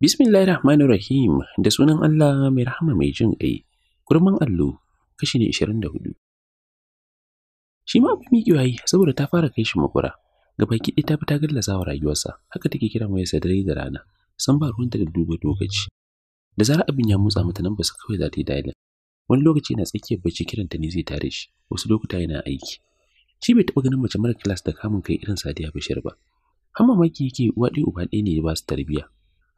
Bismillahir Rahmanir Rahim da sunan Allah mai rahama mai jin ƙai. Kurman allo kashi ne 24. Shi ma abin miƙewa yi saboda ta fara kai shi makura. Gaba kiɗi ta fi ta gallaza wa rayuwarsa, haka take kira mai sadari da rana, san ba ruwanta da duba lokaci. Da zarar abin ya motsa mata nan ba su kawai za ta yi dalilin. Wani lokaci yana tsakiyar bacci kiranta ne zai tare shi, wasu lokuta yana aiki. shi bai taɓa ganin mace mara kilas da kamun kai irin sadiya bashir ba har mamaki yake uwa ɗaya uba ɗaya ne ya ba su tarbiyya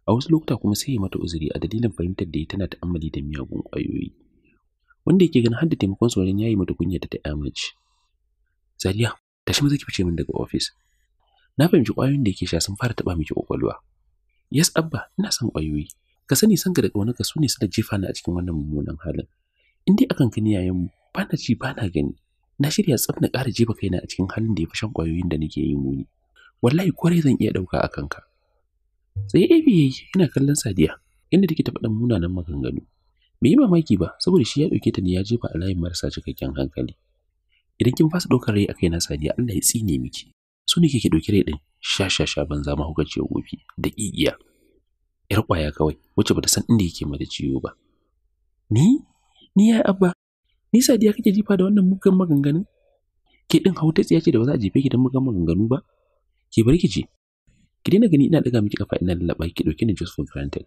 a wasu lokuta kuma sai ya mata uzuri a dalilin fahimtar da ya tana ta'ammali da miyagun ƙwayoyi wanda yake ganin har da taimakon ya yayi mata kunya da ta mace. sadiya tashi maza ki fice min daga ofis na fahimci ƙwayoyin da yake sha sun fara taɓa miki ƙwaƙwalwa yes abba ina son ƙwayoyi ka sani san ga da ƙaunarka su ne suka jefa ni a cikin wannan mummunan halin in dai akan kani yayan mu ba na ci ba na gani na shirya tsaf na ƙara jefa kaina a cikin halin da ya fi shan ƙwayoyin da nake yi muni wallahi kwarai zan iya ɗauka a kanka sai abi yayi ina kallon sadiya inda take ta ɗan munanan maganganu bai yi mamaki ba saboda shi ya ɗauke ta ne ya jefa a layin marasa cikakken hankali idan kin fasa ɗaukar rai a kaina sadiya Allah ya tsine miki su ne kike ɗauki rai ɗin sha sha sha banza ma gobe da ƙiƙiya ‘yar ƙwaya kawai wacce bata san inda yake mata ciwo ba. Ni? Ni ya abba, Ni sadiya kake jifa da wannan mugan maganganun? Ke ɗin hauta tsiya ce da ba za a jefe ki dan maganganu ba? Ke bar ki Ki daina gani ina daga miki kafa ina lallaba ki ɗauke ni just for granted.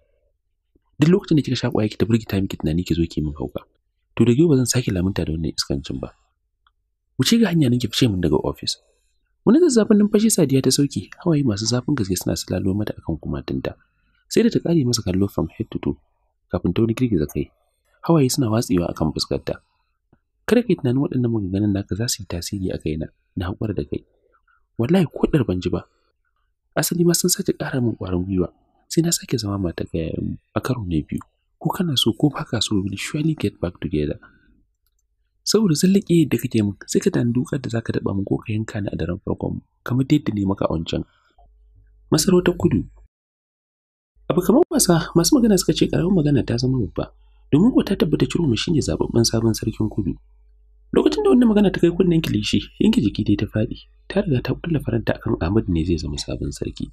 Duk lokacin da kika sha ƙwaya ki ta burgita miki tunani ki zo ki min hauka. To da ba zan sake lamunta da wannan iskancin ba. Wuce ga hanya nan ki fice min daga office. Wani zazzafin numfashi Sadiya ta sauki, hawaye masu zafin gaske suna silalo mata akan kumatanta. Sai da ta kare masa kallo from head to toe, kafin ta wani girgiza kai. Hawaye suna watsewa akan fuskarta. kada tunanin waɗannan maganganun naka za su yi tasiri a kaina na haƙura da kai wallahi ko ɗar ban ji ba asali ma sun sake ƙara min ƙwarin gwiwa sai na sake zama mata ga yayan a karo na biyu ko kana so ko baka so will surely get back together saboda zallake da kake min sai ka dan dukar da zaka daba min ko ka yanka ni a daren farkon kamar yadda ne maka a wancan masarautar kudu abu kamar wasa masu magana suka ce ƙaramin magana ta zama babba domin ko ta tabbata ciro mu shine zababben sabon sarkin kudu lokacin da wannan magana ta kai kunnen kilishi yanke jiki dai ta faɗi ta riga ta kulla faranta akan Ahmad ne zai zama sabon sarki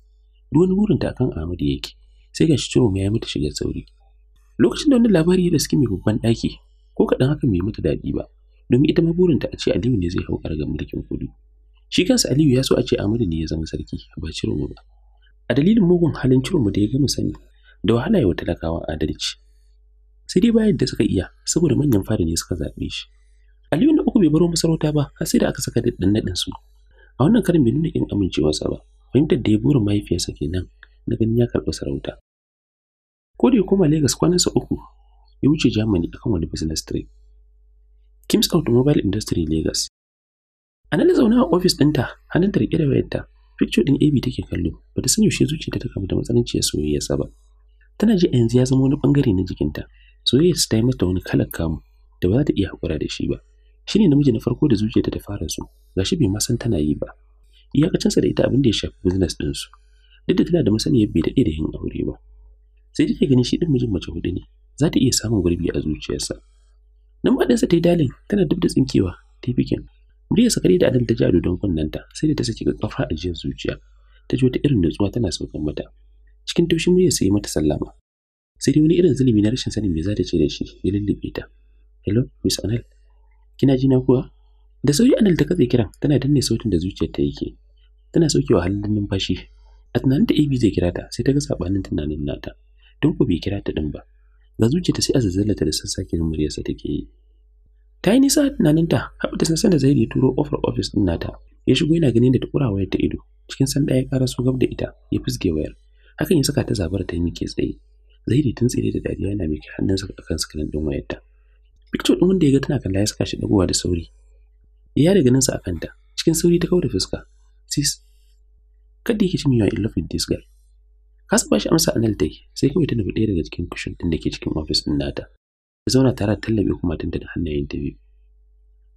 duk wani burinta akan Ahmad yake sai gashi ciwo ya yi mata shigar sauri lokacin da wannan labari ya riski mai babban ɗaki ko kaɗan hakan bai mata daɗi ba domin ita ma burinta a ce Aliyu ne zai hau ƙargan mulkin kudu shi kansa Aliyu ya so a ce Amadu ne ya zama sarki ba mu ba a dalilin mugun halin mu da ya gama sani da wahala ya wa talakawa adalci sai dai bayan da suka iya saboda manyan fada ne suka zaɓe shi Aliyu na uku bai baro masarauta ba har sai da aka saka daɗin naɗin su. A wannan karin bai nuna amincewa amincewarsa ba, fahimtar da ya burin mahaifiyarsa kenan na ganin ya karɓi sarauta. Ko da ya koma Legas sa uku, ya wuce Germany akan wani business trip. Kim's Automobile Industry Lagos. A nan zauna a ofis ɗinta, hannun ta riƙe da wayarta, picture ɗin AB take kallo, bata san yaushe zuciyarta ta kamu da matsananciyar soyayyarsa ba. Tana ji a yanzu ya zama wani ɓangare na jikinta, soyayyarsa ta yi mata wani kalar kamu da ba za ta iya haƙura da shi ba. shine namiji na farko da zuciyarta ta fara so gashi bai ma san tana yi ba sa da ita abin da ya shafi business ɗinsu duk da tana da masaniyar bai dade da yin aure ba sai take ganin shi din mijin mace hudu ne za ta iya samun gurbi a zuciyarsa nan ɗinsa ta yi dalin tana duk da tsinkewa ta yi bikin muryarsa kare da adal ta ji don dodon kunnenta sai da ta saki kafa a jiyar zuciya ta ji wata irin nutsuwa tana saukan mata cikin taushin muryar sai mata sallama sai dai wani irin zulumi na rashin sanin me za ta ce da shi ya lullube ta hello miss anel kina jina kuwa da sauri anan ta katse kiran tana danne sautin da zuciyar ta yake tana saukewa halin numfashi a tunanin ta AB zai kira ta sai ta ga sabanin tunanin nata don ko bai kira ta din ba ga zuciyarta sai azazzala ta da muryar sa take yi ta yi nisa tunanin ta haɓu ta sassan da zai ya turo ofar ofis din nata ya shigo yana ganin da ta kura wayar ta ido cikin san ya ƙara su gab da ita ya fisge wayar hakan ya saka ta zabar ta mike tsaye zairi tun tsire da dariya yana mike hannunsa akan sikirin ɗin ta Picture ɗin wanda ya ga tana kalla ya saka shi ɗagowa da sauri. Ya da ganinsa a kanta, cikin sauri ta kawo da fuska. Sis, kada yake cin yawa in love with this girl. Kasa ba shi amsa anal dai, sai kawai ta nufi ɗaya daga cikin cushion ɗin da ke cikin ofis ɗin nata. Ta zauna tare da tallabe kuma tunda da hannayen ta biyu.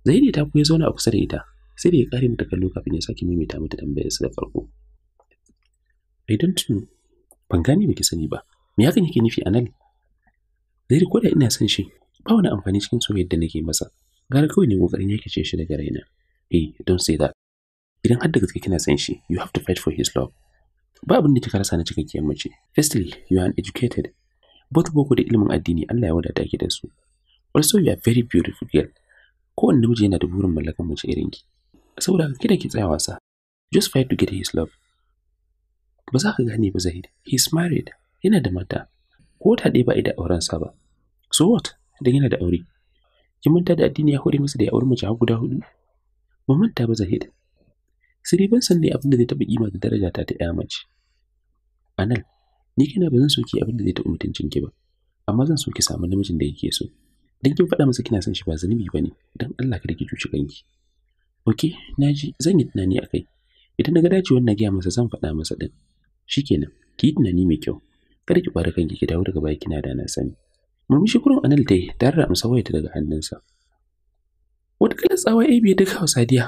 Zahiri ta kuwa ya zauna a kusa da ita, sai da ya kare mata kallo kafin ya sake maimaita mata tambayarsa da farko. I don't know, ban gane ba ki sani ba, me hakan yake nufi anal? Zahiri ko da ina son shi, ba wani amfani cikin soyayyar da nake masa gara kawai ne kokarin yake ce shi daga raina hey eh, don't say that idan har da gaske kina san shi you have to fight for his love ba abin da kika rasa na cikakkiyar mace firstly you are educated both boko da ilimin addini Allah ya wadata ki da su also you are very beautiful girl wanda namiji yana da burin mallakar mace irin ki saboda haka da ki tsaya wasa just fight to get his love ba za ka gane ba zahid he is married yana da mata ko ta ɗaya ba ida auren sa ba so what don yana da aure kin manta da addini ya hore masa da ya auri mace guda hudu Mu manta ba zahid sai ban san ne abin da zai taɓa kima da daraja ta ta ƴa mace anal ni kina ba zan soki abin da zai taba mutuncin ki ba amma zan so ki samu namijin da yake so dan kin faɗa masa kina son shi ba zanubi bane dan Allah kada ki cuci kanki okay naji zan yi tunani akai idan na ga dacewar na gaya masa zan faɗa masa din shikenan ki yi tunani mai kyau kada ki bari kanki ki dawo daga baya kina da na sani murmushi kurin anil ta yi tare da amsa wayarta daga hannunsa wata kalar tsawa ya biya sadiya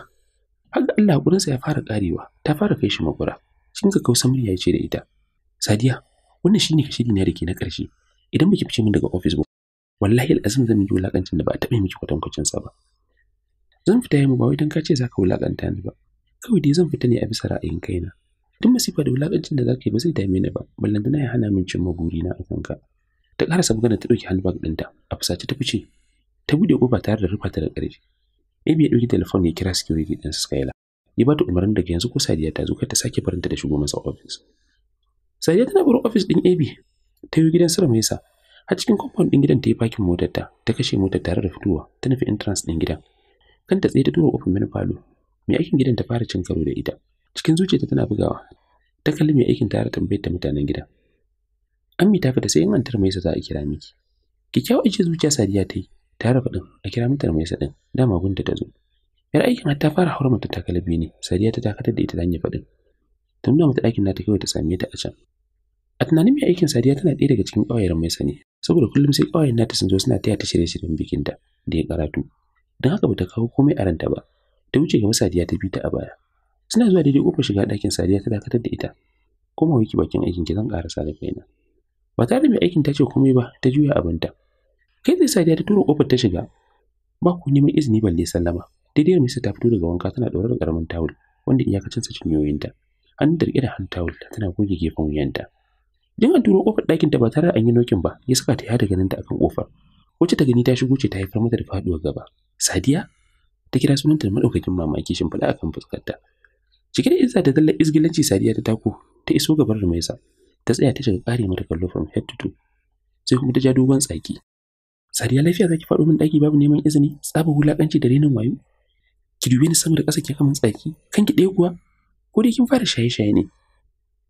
har Allah kurinsa ya fara karewa ta fara kai shi makura cikin kausa murya ya ce da ita sadiya wannan shine kashi shiri na da ke na karshe idan baki fice min daga ofis ba wallahi al'azim zan yi wulakancin da ba a taɓa miki kwatankwacin sa ba zan fita mu ba wai dan ka ce zaka wulakanta ni ba kawai dai zan fita ne a bisa ra'ayin kaina duk masifa da wulakancin da zaka yi ba zai dame ni ba ballantana ya hana min cimma burina a kanka ta karasa magana ta ɗauki handbag ɗinta a fusace ta fice ta buɗe ƙofa tare da rufa ta da ƙarfi Ebi ya ɗauki telefon ya kira security ɗin Skyla ya ba ta umarnin daga yanzu ko Sadiya ta zo kai ta sake barinta da shigo masa office Sadiya tana bar office ɗin Ebi ta yi gidan Sir yasa a cikin compound ɗin gidan ta yi parking motar ta ta kashe motar tare da fitowa ta nufi entrance ɗin gidan kanta tsaye ta tura kofar mini falo mai aikin gidan ta fara cin karo da ita cikin zuciyarta tana bugawa ta kalli mai aikin tare tambayar ta mutanen gidan mi ta fita sai in mai sa za a kira miki. Kikkiawa ce zuciya Sadiya ta yi, ta rafa din a kira mai sa din, dama gunta ta zo. Yar aikin har ta fara hawar mata takalabi ne, Sadiya ta dakatar da ita ta hanyar faɗin. Tun da mata ɗakin nata kawai ta same ta a can. A tunanin mai aikin Sadiya tana ɗaya daga cikin ƙawayen sa ne, saboda kullum sai ƙawayen nata sun zo suna taya ta shirye-shiryen bikinta da ya karatu. Don haka bata kawo komai a ranta ba, ta wuce ga Sadiya ta bi ta a baya. Suna zuwa daidai kofar shiga ɗakin Sadiya ta dakatar da ita. Koma wiki bakin aikin ki zan ƙarasa da kaina. ba tare da mai aikin ta ce komai ba ta juya abinta kai tsaye sadiya ta turo kofar ta shiga ba ku neman izini balle sallama daidai da ta fito daga wanka tana ɗaure da ƙaramin tawul wanda iyakacinsa ta hannun da riƙe da hannun tawul tana goge gefen wuyanta din an turo kofar ɗakin ta ba tare da an yi nokin ba, ya saka ta yada ganin ta akan kofar. Wacce ta gani ta shigo ce ta haifar mata da faɗuwar gaba. Sadiya ta kira sunanta da madaukakin mamaki shimfiɗa akan fuskarta. Cike da izza da zallar izgilanci Sadiya ta tako ta iso gaban Rumaisa ta tsaya ta shiga ƙare mata kallo from head to toe sai kuma ta ja dogon tsaki sariya lafiya zaki faɗo min ɗaki babu neman izini tsaba wulaƙanci da renin wayo ki dube ni sama da ƙasa ki kamun tsaki kanki ɗaya kuwa ko dai kin fara shaye-shaye ne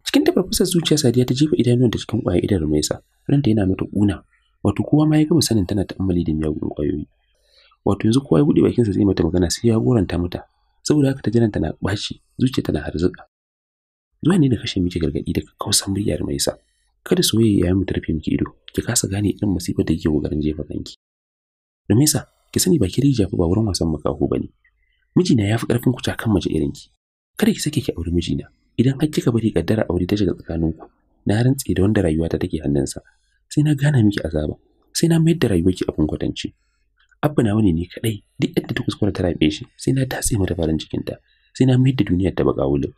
cikin tafarfasar zuciya sadiya ta jefa idanuwan da cikin ƙwayar idan rumaisa ranta yana mata ƙuna wato kowa ma ya gama sanin tana ta'ammali da miyagun ƙwayoyi wato yanzu kowa ya buɗe bakinsa zai mata magana sai ya goranta mata saboda haka ta jiran tana ɓaci zuciya tana harzuka zuwa ne da kashe miki gargaɗi da kausan murya mai sa kada soyayya ya mu tarfe miki ido ki kasa gane irin masifar da kike kokarin jefa kanki domin sa ki sani ba ki rija ba wurin wasan makaho bane mijina ya fi karfin ku kan mace irin ki kada ki sake ki aure mijina idan har kika bari kaddara aure ta shiga tsakaninku na rantse da wanda rayuwa ta take hannunsa sai na gana miki azaba sai na mayar da ki abin kwatance abba na wani ne kadai duk yadda ta kuskura ta rabe shi sai na tatse mata farin cikinta sai na mayar da duniyar ta baka wulin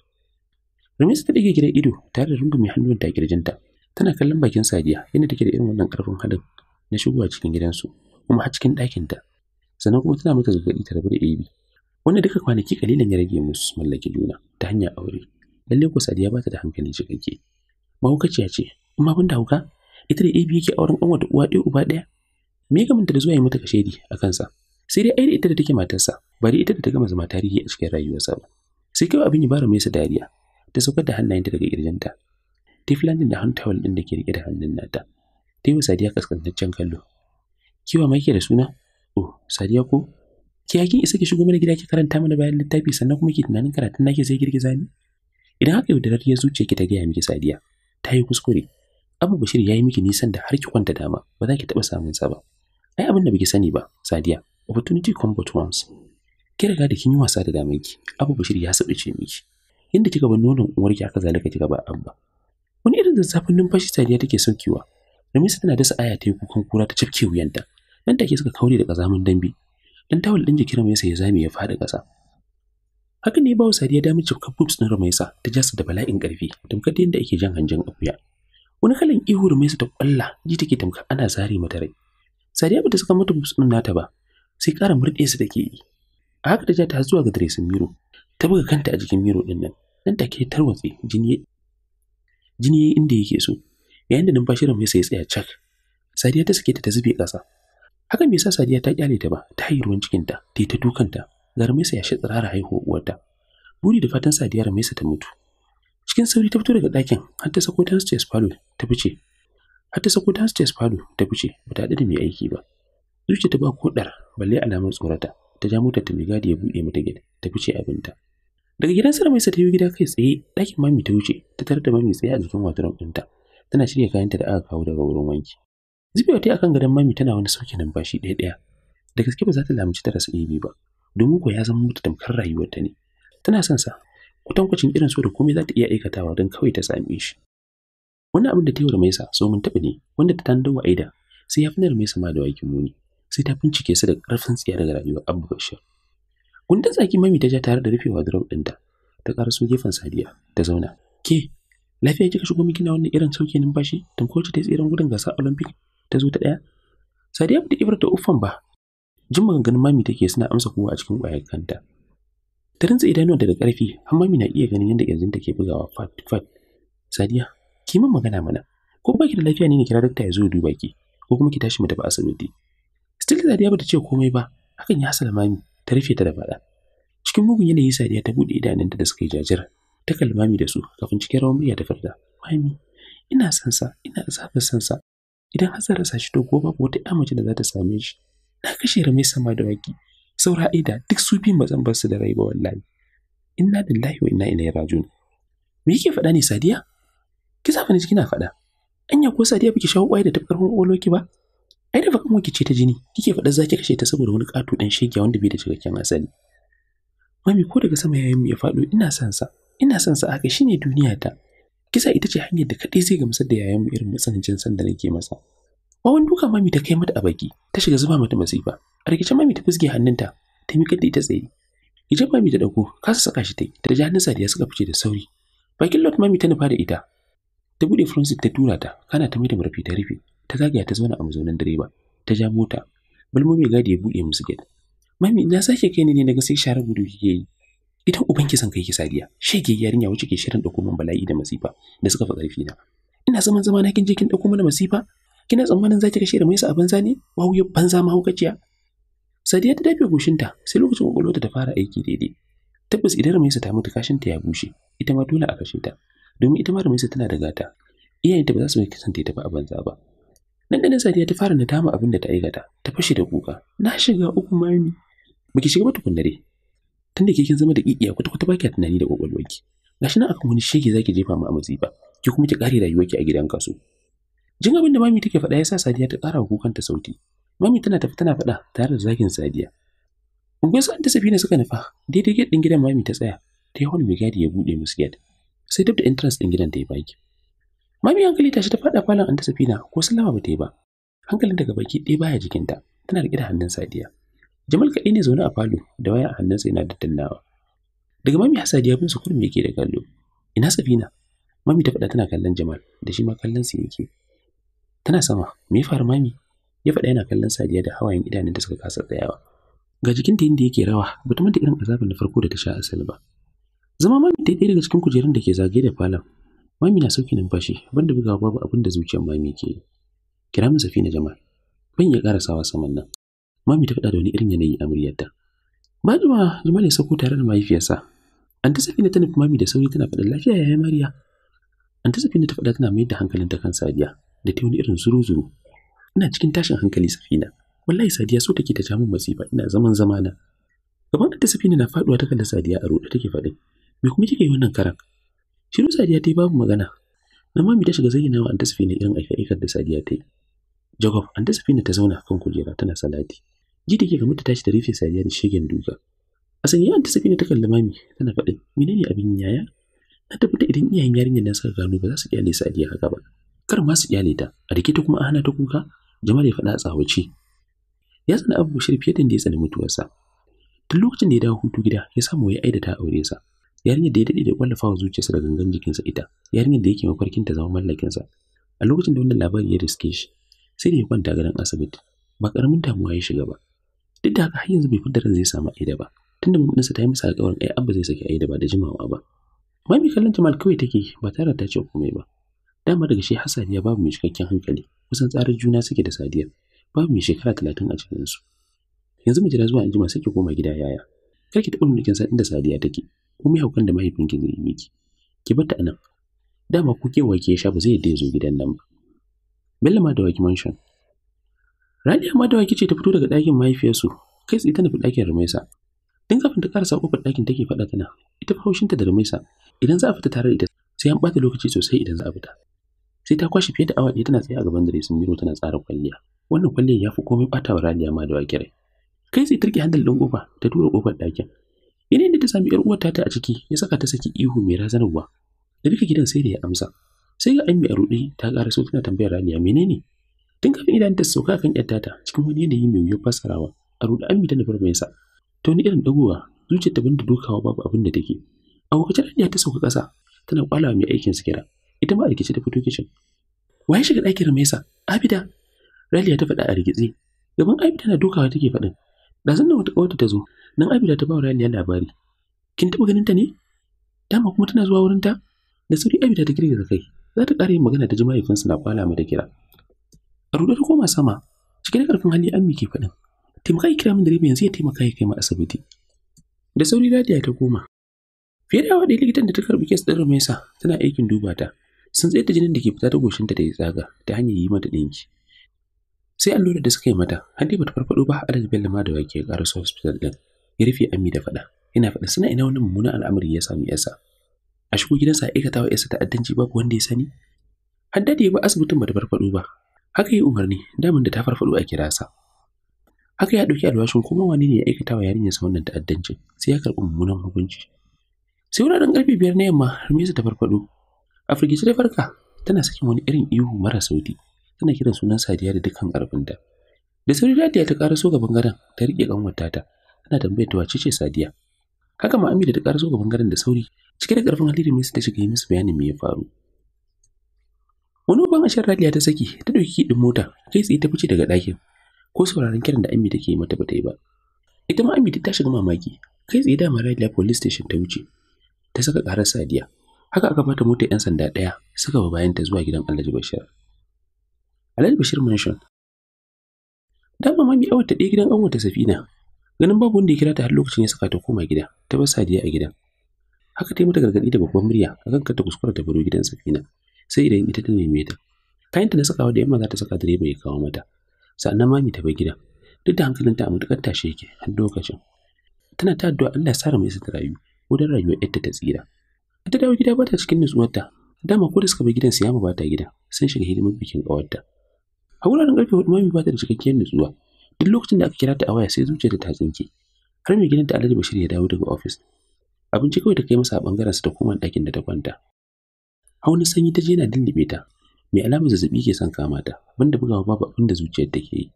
Ramisa ta ɗage gidan ido tare da rungume hannun ta girjinta Tana kallon bakin Sadiya yadda take da irin wannan ƙarfin halin na shigowa cikin gidansu kuma har cikin ta Sannan kuma tana mata gargaɗi ta rabu da Ebi. Wanda duka kwanaki kalilan ya rage musu mallaki juna ta hanyar aure. lalle ko Sadiya ba ta da hankali cikakke. Mahaukaciya ce, amma ban da hauka, ita da Ebi yake auren ƙanwa wata uwa ɗaya uba ɗaya. Me ga da zuwa yi mata kashedi a kansa? sai dai aida ita da take matarsa bari ita da ta gama zama tarihi a cikin rayuwarsa ba sai kawai abin ya bara mai dariya ta saukar da hannayenta daga kirjinta ta filanin da hand towel ɗin da ke riƙe da hannun nata ta yi sadiya kaskantaccen kallo kiwa ma ke da suna oh sadiya ko ki yakin isa ki shigo mana gida ki karanta mana bayan littafi sannan kuma ki tunanin karatun nake sai girgiza ni idan haka yaudarar ya zuciya ki ta gaya miki sadiya ta yi kuskure abu bashir ya yi miki nisan da har ki kwanta dama ba za ki taɓa samun sa ba ai abin da baki sani ba sadiya opportunity come but once ki riga da kin yi wasa da damanki abu bashir ya ce miki inda kika ba nonon uwarki aka zalika kika ba abba wani irin zazzafin numfashi sadiya take saukewa sai tana dasa aya ta yi kukan kura ta cafke wuyanta nan take suka kaure da kazamin dambe dan tawul din jikin sai ya zame ya faɗi kasa hakan ne bawa sadiya damar cifkar boobs na sa ta jasa da bala'in karfi tamkar da yadda ake jan hanjin akuya wani kalan ihu sa ta kwalla ji take tamkar ana zari mata rai sadiya bata saka mata boobs din nata ba sai ƙara murɗe su take yi a haka ta ta zuwa ga dressing mirror ta buga kanta a jikin miro din nan nan ke tarwatse jini jini inda yake so yayin da numfashin mai sai tsaya cak sadiya ta sake ta ta zube kasa haka bai sa sadiya ta kyale ta ba ta yi ruwan cikin ta ta ta dukanta sai ya shi tsirara haihuwar uwarta buri da fatan sadiya ramesa ta mutu cikin sauri ta fito daga dakin, har ta sako dance chest palo ta fice har ta sako dance chest falo ta fice ba ta da mai aiki ba zuciya ta ba kodar balle alamar tsorata ta ja motar ta mai gadi ya bude mata gida ta fice abinta daga gidan sarmaisa ta yi gida kai tsaye ɗakin mami ta wuce ta tare da mami tsaye a jikin wataran ɗinta tana shirya kayanta da aka kawo daga wurin wanki zubewa ta akan gadon mami tana wani sauke numfashi daya-daya, da gaske ba za ta lamunci ta rasa ba domin ko ya zama mata tamkar rayuwarta ne tana son sa kwatankwacin irin so da komai za ta iya aikatawa don kawai ta same shi wannan abin da ta yi wa maisa so mun taɓa ne wanda ta tanda wa aida sai ya fi na maisa ma da wakin muni sai ta bincike su da ƙarfin tsiya daga rayuwar abu Gundar tsaki mami ta ja tare da rufe wardrobe ɗinta. Ta karaso gefen Sadiya ta zauna. Ke, lafiya kika shigo miki na wannan irin sauke numfashi tamkar ta yi tseren gudun gasa Olympic ta zo ta ɗaya. Sadiya ba ta ibar ta uffan ba. Jin maganganun mami take suna amsa kowa a cikin ƙwayar kanta. Ta rinsa idanuwanta da ƙarfi, har mami na iya ganin yadda ƙirjin take bugawa fat fat. Sadiya, ki min magana mana. Ko baki da lafiya ne ne kira dakta ya zo duba ki, ko kuma ki tashi mu tafi asibiti. Still Sadiya bata ce komai ba, hakan ya hasala mami. ta rufe ta da faɗa cikin mugun yanayi sadiya ta buɗe idanunta da suka yi jajir ta kalmami da su kafin cikin rawar murya ta farda mami ina son sa ina zafin son sa idan har zara rasa shi to gobe babu wata mace da za ta same shi na kashe ramai sama da waki saura aida duk su bi ba su da rai ba wallahi inna lillahi wa inna ilaihi rajiun me yake faɗa ne sadiya ki zafa ne kina faɗa anya ko sadiya biki shawo kwai da tafkar hon oloki ba ai da bakan wanki ce ta jini kike faɗa zaki kashe ta saboda wani ƙato dan shege wanda bai da cikakken asali mami ko daga sama yayin ya faɗo ina son sa ina son sa haka shine duniya ta kisa ita ce hanyar da kaɗai zai gamsar da yayan mu irin matsanancin san da nake masa wawan duka mami ta kai mata a baki ta shiga zuba mata masifa a rikice mami ta fusge hannunta ta miƙa da ita tsaye hijab mami ta ɗauko kasa saka shi ta yi ta ji hannun sadiya suka fice da sauri bakin lot mami ta nufa da ita ta buɗe fronsit ta tura ta kana ta mai da murfi ta rufe ta zagaya ta zauna a mazaunin direba ta ja mota bulmomi gadi ya buɗe musu gate mami na sake kai ne daga sai share gudu kike yi idan ubanki san kai ki sadiya shege yarinya wuce ke shirin dauko min bala'i da masifa da suka fi karfi na ina zaman zama na kin je kin dauko mana masifa kina tsammanin zaki kashe da mai sa a banza ne wawu ya banza mahaukaciya sadiya ta dafe goshinta sai lokacin kwakwalwarta ta fara aiki daidai tabbas idan ramaisa ta mutu kashin ta ya bushe ita ma dole a kashe ta domin ita ma Ramisa tana da gata iyayenta ba za su kasance ta ba a banza ba nan da nan sadiya ta fara nadama abin da ta aikata ta fashe da kuka na shiga uku mami baki shiga ba tukunna dai tunda ke kin zama da kikiya ta ba baki tunani da ki gashi nan akan wani shege zaki jefa mu a musiba ki kuma ki kare rayuwarki a gidan kaso jin abin da mami take faɗa yasa sadiya ta ƙara kukan ta sauti mami tana tafi tana faɗa tare da zakin sadiya unguwar su da safina suka nufa daidai gate din gidan mami ta tsaya ta yi wani mai gadi ya buɗe musu gate sai dabda da entrance din gidan ta yi baki Mami hankali ta shi ta faɗa falon Anta Safina ko sallama ba ta yi ba. Hankalin daga baki ɗaya baya jikinta, tana riƙe da hannun Sadiya. Jamal kaɗai ne zaune a falo da waya a hannunsa yana daddannawa. Daga mami Sadiya bin su yake da kallo. Ina Safina? Mami ta faɗa tana kallon Jamal da shi ma kallon sa yake. Tana sama, me ya faru mami? Ya faɗa yana kallon Sadiya da hawayen idanun da suka kasa tsayawa. Ga jikinta inda yake rawa, ba ta manta irin azabin da farko da ta sha asali ba. Zama mami ta ɗaya daga cikin kujerun da ke zagaye da falon Mami na sauki numfashi, banda bugawa babu abin da zuciyar mami ke yi. Kira min Safina Jamal. Ban iya ƙara sawa saman nan. Mami ta faɗa da wani irin yanayi a muryarta. Majima Jamal ya sauko tare da mahaifiyarsa. Anta Safina ta nufi mami da sauri tana faɗin lafiya yaya Mariya. Anta Safina ta faɗa tana mayar da ta kan Sadiya da ta wani irin zuru-zuru. Ina cikin tashin hankali Safina. Wallahi Sadiya so take ta ja min masifa ina zaman zamana. Gaban Anta Safina na faɗuwa ta kalla Sadiya a ruɗe take faɗin. Me kuma kike yi wannan karan? Shiru Sadiya ta yi babu magana. Na mami ta shiga zayyana wa Anta Safina irin aika-aikar da Sadiya ta yi. Jacob, Anta Safina ta zauna kan kujera tana salati. Ji take kamar ta tashi da rufe Sadiya da shigen duka. A sanye Anta Safina ta kalli mami tana faɗin, ne abin yaya? Na tabbata idan iyayen yarinyar nan suka gano ba za su kyale Sadiya haka ba. Kar ma su kyale ta, a dake ta kuma a hana ta kuka, Jama'a ya faɗa a tsawace. Ya tsani Abu Bashir fiye da ya tsani mutuwarsa. Tun lokacin da ya dawo hutu gida, ya samu ya ta aure sa. yarinyar da ya dade da kwallafa wa zuciyarsa da gangan jikinsa ita yarinyar da yake mafarkin ta zama mallakinsa a lokacin da wannan labarin ya riske shi sai da ya kwanta garin asibiti ba karamin damuwa ya shiga ba duk da haka har yanzu bai fitar zai samu aida ba tunda mutunsa ta yi masa alƙawarin ai abba zai saki aida ba da jimawa ba mami kallon jamal kawai take ba tare da ta ce komai ba dama daga shi har sadiya babu mai cikakken hankali kusan tsarin juna suke da sadiya babu mai shekara talatin a cikinsu yanzu mu jira zuwa anjima sai ki koma gida yaya kar ki taɓa nuna kin inda sadiya take komai haukan da mahaifinki zai yi miki ki bata a nan dama ku wake ke sha ba zai yadda ya zo gidan nan ba Bello ma da waki mansion Radiya ma da wake ce ta fito daga ɗakin mahaifiyarsu kai tsaye tana nufi ɗakin Rumaisa tun kafin ta karasa kofar ɗakin take faɗa tana ita fa haushinta da Rumaisa idan za a fita tare da ita sai an ɓata lokaci sosai idan za a fita sai ta kwashe fiye da awa ɗaya tana tsaye a gaban dare sun biro tana tsara kwalliya wannan kwalliyar ya fi komai ɓata wa Radiya ma da wake rai kai ta turke handal ɗin kofa ta tura kofar ɗakin yanayin da ta sami yar uwar tata a ciki ya saka ta saki ihu mai razanarwa da duka gidan sai da ya amsa sai ga ammi a ruɗe ta ƙara so tana tambayar raliya menene tun kafin idan ta sauka kan yar tata cikin wani yanayi mai wuyar fasarawa a rudi ammi ta nufar mai sa ta wani irin dagowa zuciyar ta banda dokawa babu abin da take a wakacin raliya ta sauka ƙasa tana kwalawa mai aikin su kira ita ma a rikice ta fito kicin waye shiga ɗakin sa Abida. Raliya ta faɗa a rigitse. Gaban Abida na dukawa take faɗin. ɗazun nan wata ƙawata ta zo nan abida ta ba wa raliya labari kin taba ganin ta ne dama kuma tana zuwa wurin ta da sauri abida ta girgiza kai za ta ƙara yin magana ta ji mahaifinsa na kwala mata kira a ruɗe ta koma sama cikin ƙarfin hali an ke faɗin taimaka kira min direba yanzu ya taimaka ya kai ma asibiti da sauri radiya ta koma fiye da yawa da likitan da ta karɓi kes ɗin rumesa tana aikin duba ta sun tsaye da jinin da ke fita ta goshinta da ya tsaga ta hanyar yi mata ɗinki sai allurar da suka yi mata hadi bata farfado ba Alhaji Bello ma da wake ya karaso hospital din ya rufe ammi da fada Ina fada suna ina wani mummunan al'amari ya sami yasa a shigo gidansa a aikata wa yasa addanci babu wanda ya sani haddadi ya ba asibitin bata farfado ba haka yi umarni damin da ta farfado a kira sa. haka ya dauki alwashin kuma wani ne ya aikata wa yarinyar sa wannan ta'addancin sai ya karbi mummunan hukunci sai wuraren karfe biyar na yamma Hamisu ta farfado a firgice da farka tana sakin wani irin ihu mara sauti tana kiran sunan Sadiya da dukkan ƙarfinta. Da sauri Radiya ta so gaban gadon ta riƙe ƙanwarta ta tana tambayar ta wace ce Sadiya. Haka ma Amira ta so gaban gadon da sauri cike da ƙarfin hali mai su ta shiga yi musu bayanin me ya faru. Wani uban ashin Radiya ta saki ta ɗauki kiɗin mota kai tsaye ta fice daga ɗakin ko sauraron kiran da Amira take mata bata yi ba. Ita ma Amira ta shiga mamaki kai tsaye dama Radiya police station ta wuce ta saka ƙarar Sadiya. Haka aka bata mota 'yan sanda ɗaya suka ba bayanta zuwa gidan Alhaji Bashir. Alhaji Bashir Mansion. Dama mami awar ta ɗaya gidan ƙanwata Safina. Ganin babu wanda ya kira ta har lokacin ya saka ta koma gida, ta bar Sadiya a gidan. Haka ta yi mata gargadi da babban murya akan kan karta kuskura ta baro gidan Safina, sai idan ita ta neme ta. Kayanta na sakawa da yamma za ta saka direba ya kawo mata. Sa'annan mami ta bar gida. Duk da hankalin ta a matuƙar tashe yake har lokacin. Tana ta addu'a Allah ya sara mai ta rayu, ko rayuwar yadda ta tsira. Ta dawo gida ba ta cikin nutsuwarta, dama ko da suka bar gidan su ba ta gida, sun shiga hidimar bikin ƙawarta. a wuraren karfe hudu mami ba ta da cikakkiyar nutsuwa duk lokacin da aka kira ta a waya sai zuciyarta ta tsinke har mai da Alhaji Bashir ya dawo daga ofis abinci kawai ta kai masa a bangaren sa ta kuma ɗakin da ta kwanta wani sanyi ta je na dindime ta mai alamar zazzabi ke son kama ta banda bugawa babu abin da zuciyar take yi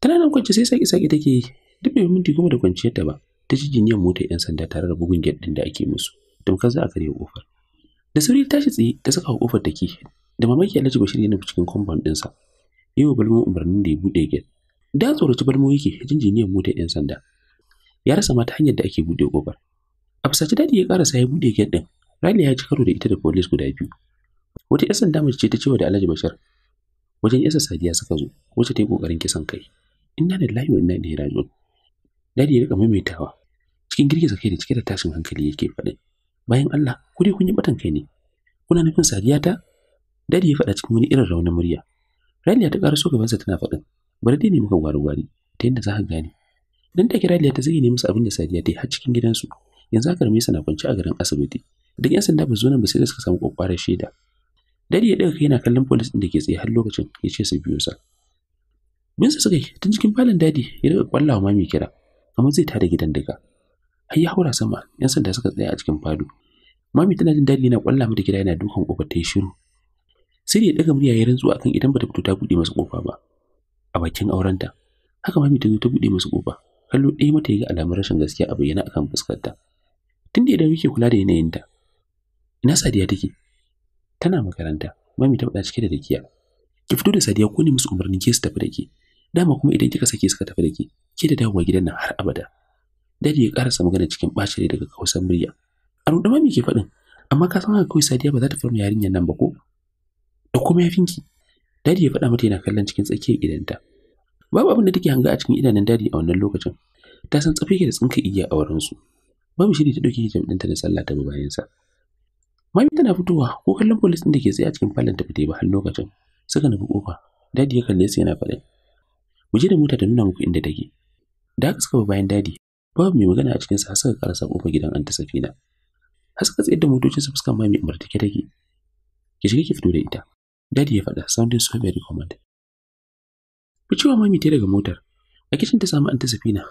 tana nan kwance sai saki saki take yi duk bai minti goma da kwanciyar ta ba ta ji jiniyar mota yan sanda tare da bugun gate din da ake musu tamkar za a karya kofar da sauri ta tashi tsaye ta saka kofar take da mamaki Alhaji Bashir yana cikin compound ɗinsa yi wa balmo umarnin da ya buɗe gate da tsoraci balmo yake jinjiniyar mota 'yan sanda ya rasa mata hanyar da ake buɗe ƙofar a fusace dadi ya karasa ya buɗe gate ɗin Rali ya ci karo da ita da police guda biyu wata 'yan sanda mace ce ta cewa da Alhaji Bashir wajen yasa Sadiya suka zo wacce ta yi kokarin kisan kai inna lillahi wa inna ilaihi raji'un dadi ya rika maimaitawa cikin girgiza kai da cike da tashin hankali yake faɗi bayan Allah ku dai kun yi batan kai ne kuna nufin Sadiya ta dadi ya faɗa cikin wani irin raunin murya Raliya ta ƙara so gabansa tana faɗin, bari dai ne muka gwari-gwari ta yadda za ka gane. Dan take Raliya ta ne musu abin da Sadiya ta yi har cikin gidansu, yanzu aka rame na kwance a garin asibiti. Duk 'yan sanda ba zo nan ba sai da suka samu kokwarar shaida. Dadi ya ɗaga kai yana kallon polis ɗin da ke tsaye har lokacin ya ce su biyo sa. Bin su suka yi tun cikin falon dadi ya riƙa kwallawa mami kira, kamar zai tada gidan daga. Har ya haura sama, 'yan sanda suka tsaya a cikin falo. Mami tana jin dadi yana kwalla mata gida yana dukan ƙofar ta yi shiru. sai da ya daga murya ya rantsu akan idan bata fito ta bude masa kofa ba a bakin aurenta haka mami ta zo ta bude masa kofa kallo ɗaya mata ya ga alamun rashin gaskiya a bayyana akan fuskarta tunda idan yake kula da yanayinta ina sadiya take tana makaranta mami ta faɗa cike da dakiya ki fito da sadiya ko ne musu umarnin ke su tafi da ke dama kuma idan kika sake suka tafi dake, ke da dawowa gidan nan har abada dadi ya karasa magana cikin bacin daga kausar murya a ruɗa mami ke faɗin amma ka san haka kawai sadiya ba za ta farma yarinyar nan ba ko da kuma yafinki dadi ya faɗa mata yana kallon cikin tsakiyar idanta babu abin da take hanga a cikin idanun dadi a wannan lokacin ta san tsafe da tsinka igiya a wurin su babu shiri ta dauke hijab ɗinta da sallah ta bayan sa mami tana fitowa ko kallon polis ɗin da ke tsaye a cikin falon ta fita ba har lokacin suka nufi kofa dadi ya kalle su yana faɗin mu je da mota ta nuna muku inda take da haka suka bayan dadi babu mai magana a cikin sa suka karasa kofar gidan anta safina har suka tsayar da motocin su fuskan mami amurtake take ki shiga ki fito da ita Dadi ya faɗa, sounding so very command. Ficewa mami ta daga motar, a kicin ta samu anta safina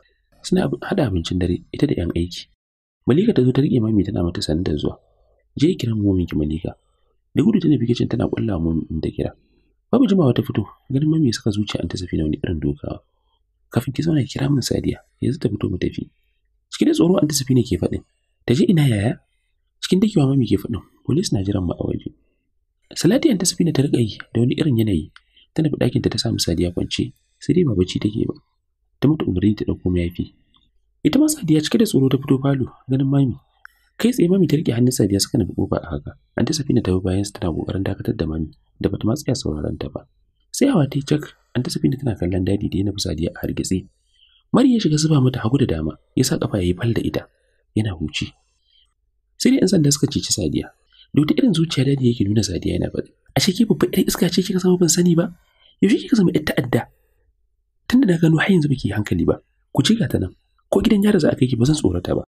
suna haɗa abincin dare ita da 'yan aiki. Malika ta zo ta riƙe mami tana mata sanin da zuwa. Je kira Mami ki Malika. Da gudu ta nufi kicin tana Mami in ta kira. Babu jimawa ta fito, ganin mami suka saka zuciya anta safina wani irin dokawa. Kafin ki zauna ki kira min Sadiya, yanzu ta fito mu tafi. Cikin da tsoro anta safina ke faɗin. Ta je ina yaya? Cikin dakewa mami ke faɗin, polis na jiran mu a waje. salati ta safina ta riƙa yi da wani irin yanayi, ta nufi ɗakinta ta samu Sadiya kwance, sai dai ba bacci take ba. Ta mutu umarni ta ɗauko mayafi. Ita ma Sadiya cike da tsoro ta fito falo ganin mami. Kai tsaye mami ta riƙe hannun Sadiya suka nufi ƙofa a haka. An ta safina ta bi bayan tana ƙoƙarin dakatar da mami da bata ma tsaya sauraron ta ba. Sai ta yi cak an ta safina tana kallon dadi da ya nufi Sadiya a hargitse. Mari ya shiga zuba mata hagu da dama, ya sa ƙafa ya yi fal da ita, yana huci. Sai dai 'yan sanda suka cici Sadiya, duk da irin zuciya da yake nuna sadiya yana faɗi a ke babban yar iska ce kika zama ban sani ba yaushe kika zama yar ta'adda tunda na gano har yanzu baki hankali ba ku ci ta nan ko gidan yara za a kai ki ba zan tsorata ba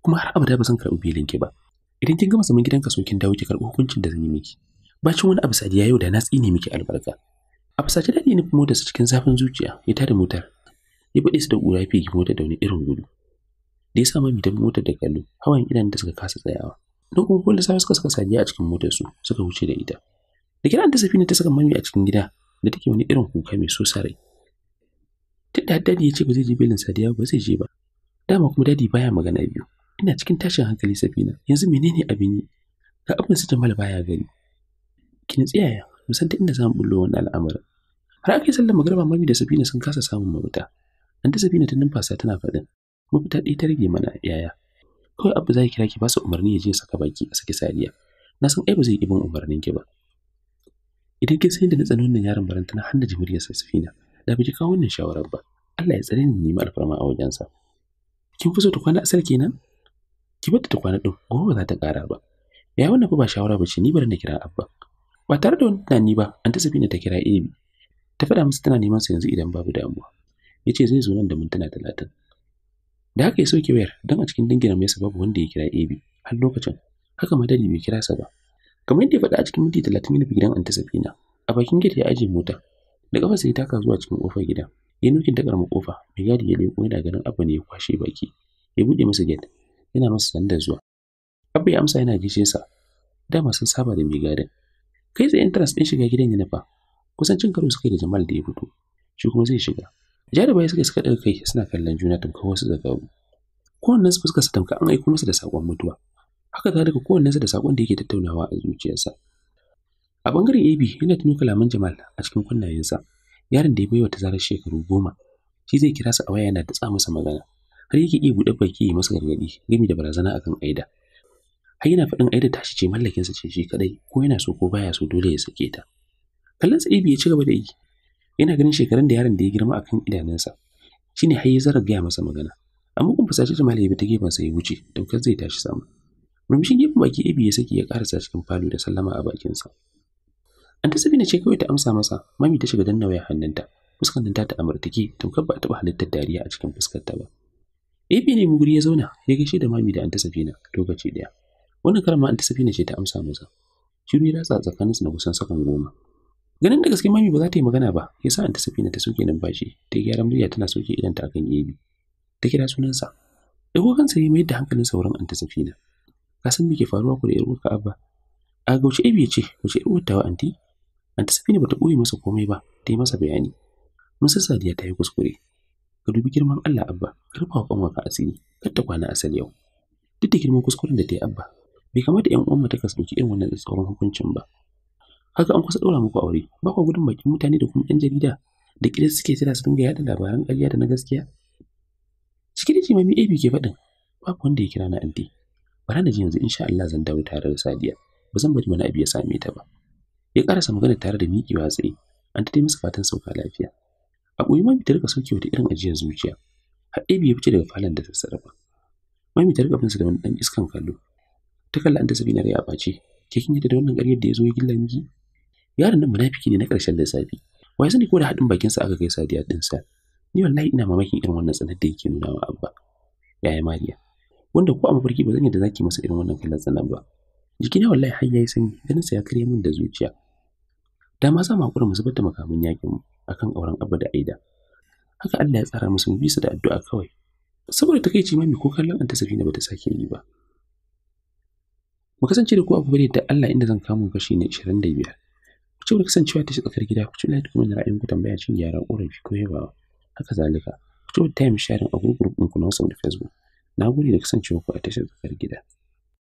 kuma har abada ba zan karɓi belin ki ba idan kin gama zaman gidan so kin dawo ki karɓi hukuncin da zan yi miki Ba cin wani abu sadiya yau da na tsine miki albarka a fasace daɗi ya da su cikin zafin zuciya ya tada motar ya bude su da ƙura ya fi da wani irin gudu da ya sa mami ta motar da kallo hawan idan da suka kasa tsayawa Dokokin da safe suka saka sadiya a cikin motar su suka wuce da ita. Da kiran ta safina ta saka mami a cikin gida da take wani irin kuka mai so sarai. Tun da dadi ya ce ba zai je belin sadiya ba zai je ba. Dama kuma dadi baya magana biyu. Ina cikin tashin hankali safina yanzu menene abin yi? Ga abin su Jamal baya gani. Kin tsiyaya mu san ta inda za mu bullo wannan al'amarin. Har aka yi sallar mami da safina sun kasa samun mafita. Anta safina ta numfasa tana faɗin mafita ɗaya ta rage mana yaya. kawai abu zai kira ki ba su umarni ya je saka baki a saki sadiya na san ai ba zai ibin umarnin ki ba idan kin san da na tsanonin yaron baranta na hanna jimuriyar safina da biki kawo wannan shawarar ba Allah ya tsare ni ma alfarma a wajensa kin fi so ta kwana sar kenan ki bata ta kwana din gowa ba za ta kara ba ya wannan ba shawara ba ce ni bari na kira abba ba tare da wani ni ba an ta safina ta kira ibi ta faɗa musu tana neman sa yanzu idan babu damuwa Ya ce zai zo nan da mintuna talatin da haka ya sauke wayar don a cikin dangin mai babu wanda ya kira AB har lokacin haka madadi bai kira sa ba kamar yadda ya faɗa a cikin minti talatin ya gidan anta safina a bakin get ya ajiye mota da kafa sai taka zuwa cikin kofar gida ya nukin ta karma kofa mai gadi ya leko yana ganin abu ne ya kwashe baki ya buɗe masa gate yana masa sanda zuwa Abu ya amsa yana gishe sa dama sun saba da mai gadin kai tsaye entrance ɗin shiga gidan ya nufa kusan cin karo suka da jamal da ya fito shi kuma zai shiga jarabai suka suka ɗaga kai suna kallon juna tamkar wasu zakaru. Kowanne su fuskarsa tamkar an aiko masa da sakon mutuwa. Haka daga kowanne su da saƙon da yake tattaunawa a zuciyarsa. A bangaren AB yana tuno kalaman Jamal a cikin kunnayensa. Yaron da ya baiwa zarar shekaru goma shi zai kira su a waya yana tsa masa magana. Har yake iya buɗe baki yi masa gargaɗi gami da barazana akan Aida. har yana faɗin Aida ta tashi ce mallakinsa ce shi kaɗai ko yana so ko baya so dole ya sake ta kallon sa ab ya ci gaba da yi yana ganin shekarun da yaron da ya girma akan idanunsa Shi ne ya zara gaya masa magana amma kun fasashe ta malami ta gefen sa ya wuce daukar zai tashi sama murmushin gefen baki ibi ya saki ya karasa cikin falo da sallama a bakinsa an ta sabina ce kawai ta amsa masa mami ta shiga danna waya hannunta fuskar ta ta amurtake tamkar ba a taɓa halittar dariya a cikin fuskar ta ba ibi ne muguri ya zauna ya gaishe da mami da an ta sabina lokaci daya wannan karama ma an ta sabina ce ta amsa masa shiru ya ratsa tsakaninsu na kusan sakan goma ganin da gaske mami ba za ta yi magana ba ya sa anta safina ta soke numfashi ta gyara murya tana soke idan ta akan yebi ta kira sunansa dago kansa ya mayar da hankalin sauran anta safina ka san me ke faruwa ku da yar uwarka abba a ga ebi ya ce wace yar uwarta wa anti anta safina bata boye masa komai ba ta yi masa bayani mun san sadiya ta yi kuskure ka dubi girman Allah abba ka rufa wa ka asiri kar ta kwana asal yau duk da girman kuskuren da ta yi abba bai kamata 'yan uwan mu ta kasance irin wannan tsoron hukuncin ba haka an kusa ɗora muku aure ba ku gudun bakin mutane da kuma 'yan jarida da kidan suke jira su dinga yaɗa labaran ƙarya da na gaskiya Cikin da jimami abi ke faɗin ku wanda ya kira na anti bara na ji yanzu insha Allah zan dawo tare da Sadiya ba zan bari wani abu ya same ta ba ya karasa magana tare da wa tsaye an ta masa fatan sauka lafiya a ɓoye mami ta rika sauke wata irin ajiyar zuciya har abi ya fice daga falon da sassarfa mami ta rika binsa da wani ɗan iskan kallo ta kalla an ta sabi rai a ɓace kekin yadda da wannan ƙaryar da ya zo ya gilla miki yaron nan munafiki ne na karshen lissafi wai sani ko da bakin sa aka kai sadiya din sa ni wallahi ina mamakin irin wannan tsanar da yake nuna wa abba yaya mariya wanda ko a mafarki ba zan yadda zaki masa irin wannan kallon tsanar ba Jiki na wallahi har yayi sanyi sa ya karya min da zuciya da ma za mu haƙura mu zubar da makamin yakin mu akan auren abba da aida haka Allah ya tsara musu bisa da addu'a kawai saboda ci mami ko kallon anta safina bata sake yi ba mu kasance da ku abu bane da Allah inda zan kamun kashi na 25 ku wani kasancewa ta tsakar gida ku ci like kuma na ra'ayin ku tambaya cin gyara ƙorafi ko yabawa haka zalika ku ta time sharing a gurgurun group ɗinku na WhatsApp da Facebook na gode da kasancewa ku a tashar tsakar gida